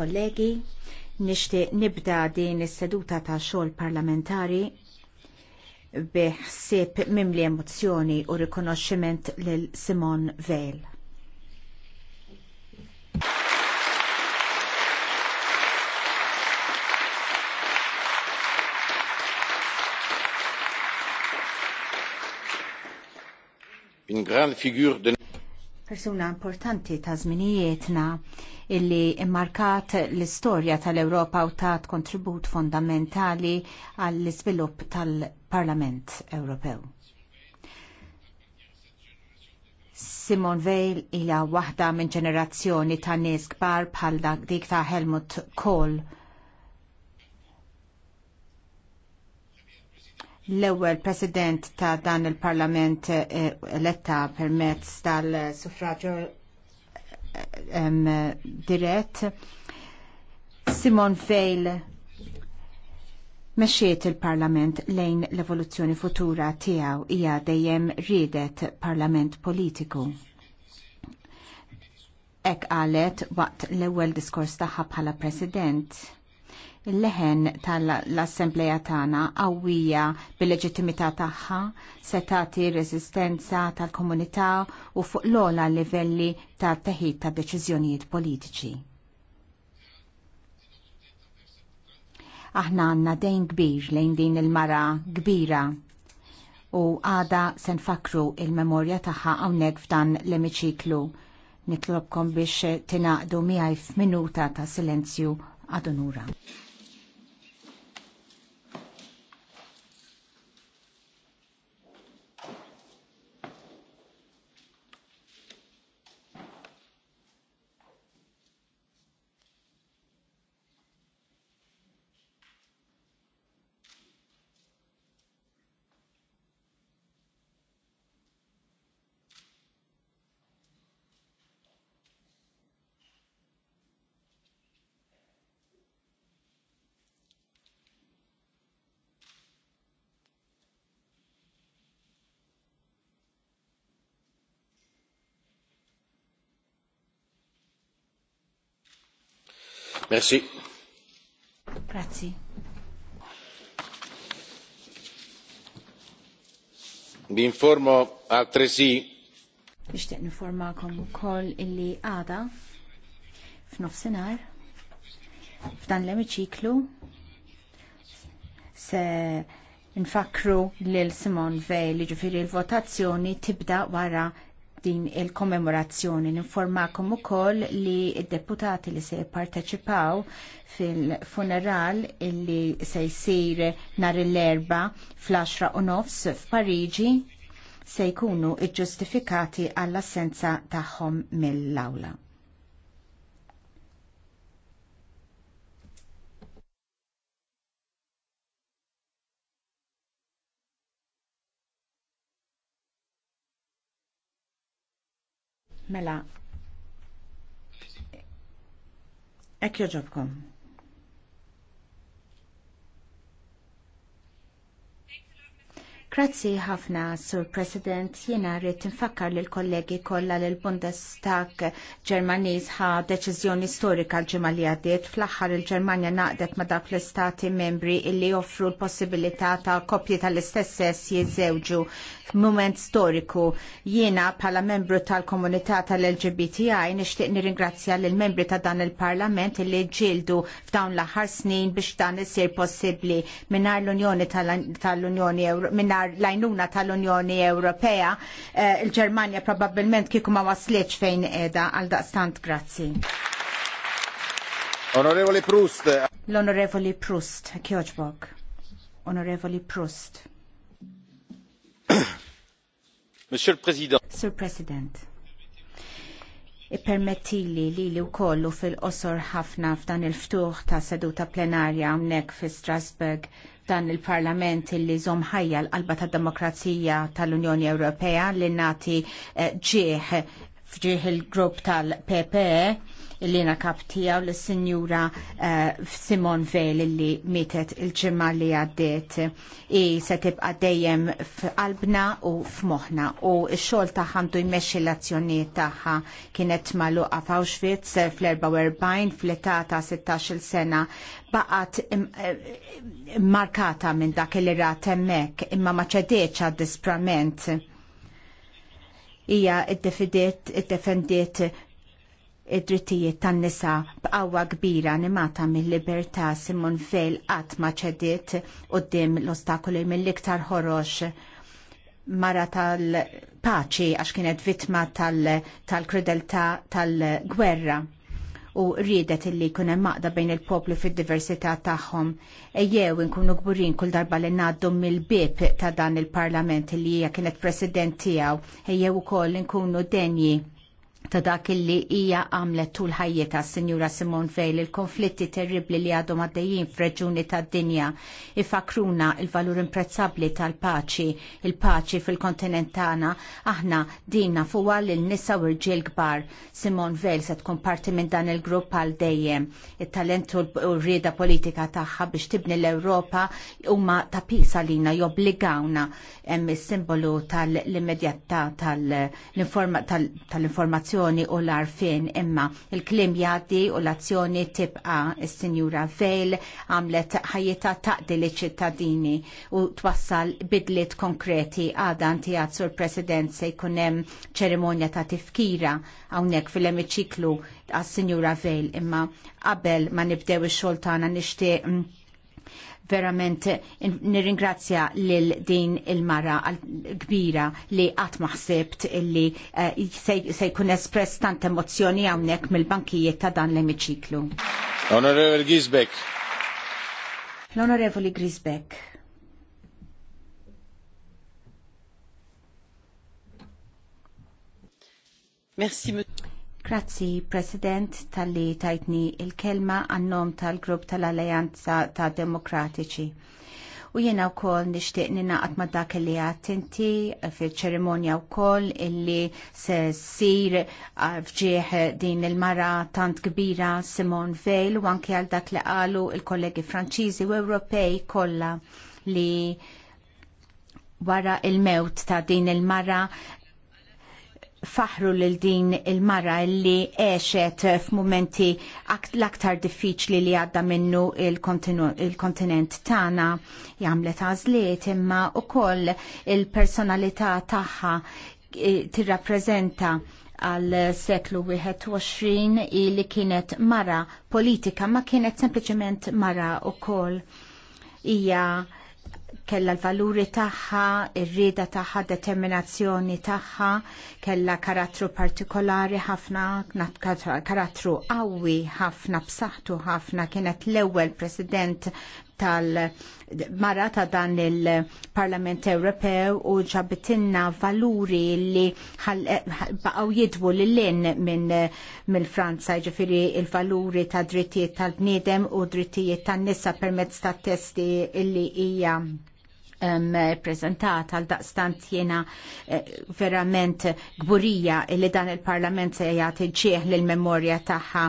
Kollegi, nixtieq nibda din is-seduta ta' xogħol parlamentari bi ħsieb mimli emozzjoni u rikonoxximent lil Simon Veil. Persuna importanti ta' żminijietna illi immarkat l-istorja tal-Ewropa u tat kontribut fondamentali għall-iżvilupp tal-Parlament Ewropew. Simon Veil hija waħda minn ġenerazzjoni ta' nies kbar bħal dik ta' Helmut Kohl. L-ewwel President ta' dan il-Parlament eh, eletta permezz tal-suffraġġju dirett. Simon Veil Meċiet il-Parlament lejn l-evoluzzjoni futura tiegħu hija dejjem riedet Parlament politiku. Ek qalet waqt l-ewwel diskors tagħha bħala President il leħen tal-Assembleja tagħna qawwija bil-leġittimità tagħha se tagħti r resistenza tal-komunità u fuq l-ogħla livelli ta' teħid ta' deċiżjonijiet politiċi. Aħna għandna dejn kbir lejn din il-mara kbira u għada se nfakru il-memorja tagħha hawnhekk f'dan l-emiċiklu. Nitlobkom biex tingħaqdu miegħi f'minuta ta' silenzju għad onura. Merci. Grazie. Vi informo altresì Nixtieq informakom ukoll illi għada f'nofsinhar f'dan l-emiċiklu se nfakru lil Simon Vej li ġifieri l-votazzjoni tibda wara din il-kommemorazzjoni. Ninformakom ukoll li id-deputati li se parteċipaw fil-funeral li se jsir nhar l-erba fl-10 u nofs f'Pariġi se jkunu ġustifikati għall-assenza tagħhom mill-awla. Mela, ek joġobkom. Grazzi ħafna, Sur President. Jiena rrid nfakkar lil kollegi kollha l bundestag Ġermaniż ħa deċiżjoni storika l-ġimgħa li għaddiet fl-aħħar il-Ġermanja naqdet ma' dak l-istati membri illi joffru l-possibilità ta' kopji tal-istess sess jiżewġu moment storiku. Jiena bħala membru tal-komunità tal-LGBTI nixtieq nirringrazzja lil membri ta' dan il-Parlament li ġildu f'dawn l-aħħar snin biex dan isir possibbli mingħajr l-Unjoni tal-Unjoni mingħajr l ajnuna tal-Unjoni Ewropea. Eh, Il-Ġermanja probabbilment kieku ma waslitx fejn qiegħda għal daqstant grazzi. Onorevoli Proust. L'onorevoli Proust, Kjoġbog. Onorevoli Proust. Monsieur le President. Sir President. Ippermettili li li kollu fil-qosor ħafna f'dan il-ftuħ ta' seduta plenarja hawnhekk fi Strasburg dan il-parlament li ħajja l-qalba tad demokrazija tal-Unjoni Ewropea li nagħti eh, ġieħ fġieħ il-grupp tal-PPE li na kap tijaw l-Sinjura uh, eh, Simon Veil li mietet il-ġimma li għaddiet i se tibqa dejjem f'qalbna u f'moħna u x-xogħol tagħha mdu jmexxi l-azzjonijiet tagħha kienet magħluqa f'Auschwitz fl-44 fl-età ta' 16-il sena baqat eh, markata minn dak li rat hemmhekk imma ma ċedeċ disprament hija id-defendiet id-drittijiet tan-nisa b'qawwa kbira nimata mill-libertà Simon Veil qatt ma ċediet quddiem l-ostakoli mill-iktar ħorox mara tal-paċi għax kienet vittma tal-krudeltà tal-gwerra. tal paċi għax kienet tal krudeltà tal gwerra u riedet illi jkun hemm maqda bejn il-poplu fid-diversità tagħhom. Ejjew inkunu gburin kull darba li ngħaddu mill-bib ta' dan il-Parlament li hija kienet president tiegħu, ejjew ukoll inkunu denji ta' dak illi hija għamlet tul ħajjeta Sinjura Simon Veil il-konflitti terribli li għadhom għaddejjin f'reġuni tad-dinja ifakruna il-valur imprezzabbli tal-paċi, il-paċi fil-kontinent tagħna, aħna dinna fuqha lil nisa u rġiel kbar. Simon Veil se tkun parti minn dan il-grupp għal dejjem. It-talent u r-rieda politika tagħha biex tibni l-Ewropa huma ta' pisa lina jobbligawna hemm is-simbolu tal-immedjatà tal-informazzjoni l azzjoni u l-arfin imma il-klim jaddi u l-azzjoni tibqa il-Sinjura Vejl għamlet ħajjita taqdi li ċittadini u twassal bidlit konkreti għadan tijat sur president se jkunem ċerimonja ta' tifkira għawnek fil-emiċiklu għas-Sinjura Vejl imma qabel ma nibdew il-xoltana nishtiq mm, Verament nirringrazzja lil din il-mara kbira li qatt ma ħsibt illi eh, se jkun espress tant emozjoni hawnhekk mill-bankijiet ta' dan l-emiċiklu. Onorevoli Grisbeck. L-Onorevoli Grisbeck. Merci, Grazzi, President, tal-li tajtni il-kelma għannom tal-grupp tal-Alleanza ta' Demokratiċi. U jena u kol nishtiq ninaqat ma dak li għattinti fil-ċerimonja u kol illi se sir fġieħ din il-mara tant kbira Simon Veil u anki għal dak li għalu il-kollegi franċizi u Ewropej kolla li wara il-mewt ta' din il-mara faħru lil din il-mara li eċet f'mumenti l-aktar diffiċli li għadda minnu il-kontinent tana jamlet għazliet imma u koll il-personalità taħħa tirrapprezenta għal seklu 21 li kienet mara politika ma kienet sempliciment mara u koll ija kella l-valuri tagħha, ir-rieda tagħha, determinazzjoni tagħha, kella karattru partikolari ħafna, karattru qawwi ħafna b'saħħtu ħafna, kienet l-ewwel president tal-mara ta' dan il-Parlament Ewropew u ġabitinna valuri li baqaw jidwu l-lin minn min Franza, ġifiri il-valuri ta' drittijiet tal-bniedem u drittijiet tan-nisa permezz ta' testi illi hija um, prezentata għal daqstant jena eh, verament gburija li dan il-parlament se jgħati ġieħ l-memorja taħħa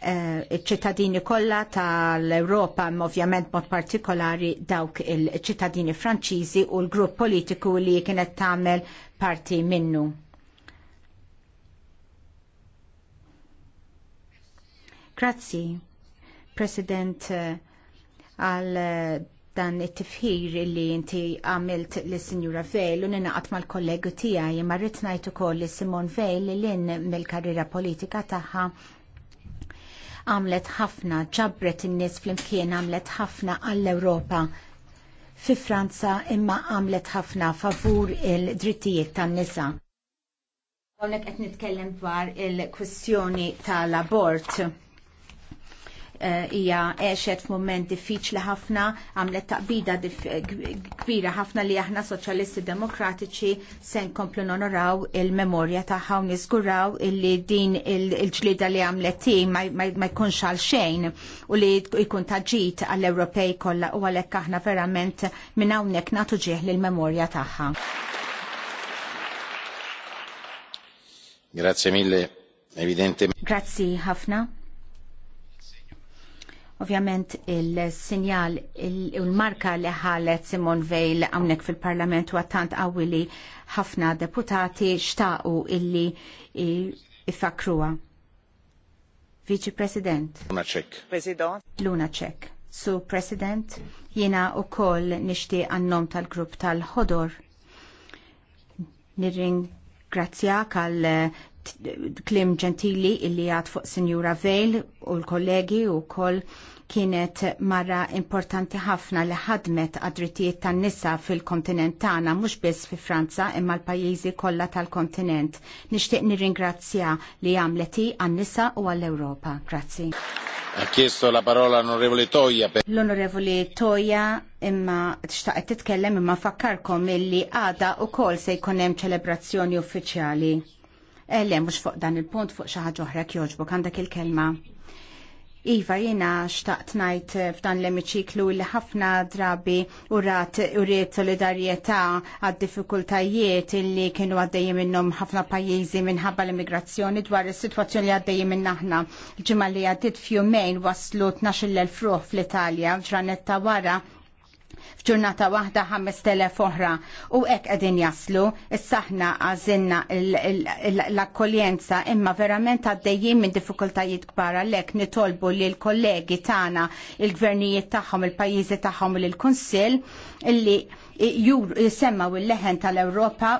eh, ċittadini kollha tal-Ewropa ovvjament mod partikolari dawk il-ċittadini Franċiżi u l-grupp politiku li kienet tagħmel parti minnu. Grazzi, President, eh, għal uh, dan it-tifħir li inti għamilt li Sinjura Vejl u ninaqat mal-kollegu tijaj imma rrit najtu koll li Simon Vejl li l-in mill-karriera politika taħħa għamlet ħafna, ġabret in-nies flimkien għamlet ħafna għall-Ewropa fi Franza imma għamlet ħafna favur il-drittijiet tan-nisa. Għonek qed nitkellem dwar il-kwistjoni tal-abort Eh, hija għexet f'mument diffiċli ħafna, għamlet taqbida kbira ħafna li aħna soċjalisti demokratiċi se nkomplu nonoraw il-memorja tagħha u niżguraw illi din il-ġlida li għamlet ma jkunx għal xejn u li jkun taġġit għall-Ewropej kollha u għalhekk aħna verament minn hawnhekk nagħtu ġieħ lill-memorja tagħha. Grazie mille, evidentemente. Grazie ħafna. Ovvjament il-sinjal u l-marka li ħalet Simon Veil għamnek fil-parlament u għattant għawili ħafna deputati xtaqu illi ifakruwa. Vice President. Luna Czech. President. Luna Czech. Su President, jina u koll nishti għannom tal-grupp tal-ħodor. Nirring grazzjak għal klim ġentili illi għad fuq Sinjura Vejl u l-kollegi u koll kienet marra importanti ħafna li ħadmet għadrittijiet tan nisa fil-kontinent tagħna mhux biss fi Franza imma l-pajjiżi kollha tal-kontinent. Nixtieq nirringrazzja li għamlet għan-nisa u għall-Ewropa. Grazzi. Ha chiesto la parola l'onorevole Toia. Per... L'onorevole Toia imma tixtaqet titkellem imma fakkarkom illi għada u kol se jkun hemm ċelebrazzjoni uffiċjali. Eh, le, mux fuq dan il-punt fuq xaħġa oħra kjoġbu, għandak il-kelma. Iva, jena xtaqt najt f'dan l-emiċiklu li ħafna drabi u rat solidarieta għad diffikultajiet illi kienu għaddejjem minnom ħafna pajjiżi minħabba l-immigrazzjoni dwar is-sitwazzjoni li għaddejjem minn aħna. Ġimma li għaddit fjumejn waslu 12.000 ruħ fl-Italja, ġranetta wara f'ġurnata waħda 5000 oħra u hekk qegħdin jaslu, s-saħna għażilna l-akkoljenza imma verament għaddejjin minn diffikultajiet kbar għalhekk nitolbu li l-kollegi tagħna il-gvernijiet tagħhom il-pajjiżi tagħhom u l-Kunsill illi jisemmaw il-leħen tal-Ewropa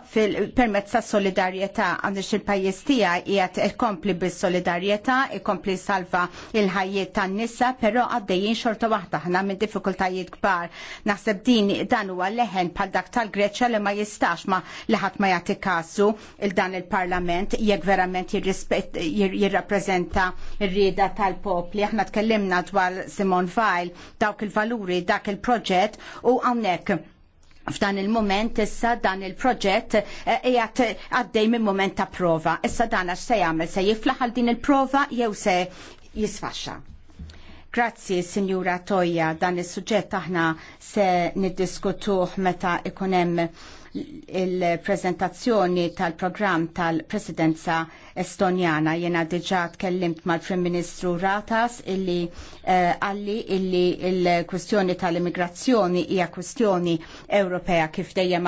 permezz ta' solidarjetà għandix il-pajjiż tiegħi qiegħed ikompli bis-solidarjetà, ikompli salva il-ħajjiet tan-nisa, però għaddejjin xorta waħda ħna minn diffikultajiet kbar Naħseb din dan huwa leħen bħal dak tal-Greċja li ma jistax ma liħat ma jagħti kasu il dan il-Parlament jekk verament jirrappreżenta r-rieda tal-popli. Aħna tkellimna dwar Simon Weil dawk il-valuri, dak il-proġett u hawnhekk f'dan il-moment issa dan il-proġett jgħat eh, għaddej minn moment ta' prova. Issa dan għax se jagħmel se jiflaħ għal din il-prova jew se jisfaxxa. Grazzi, Signora Toja, dan is suġġett aħna se niddiskutuh meta ikunem il-prezentazzjoni tal-programm tal-presidenza estonjana. Jena diġa tkellimt mal-Prim Ministru Ratas illi eh, għalli illi il-kwestjoni tal-immigrazzjoni hija kwestjoni Ewropea kif dejjem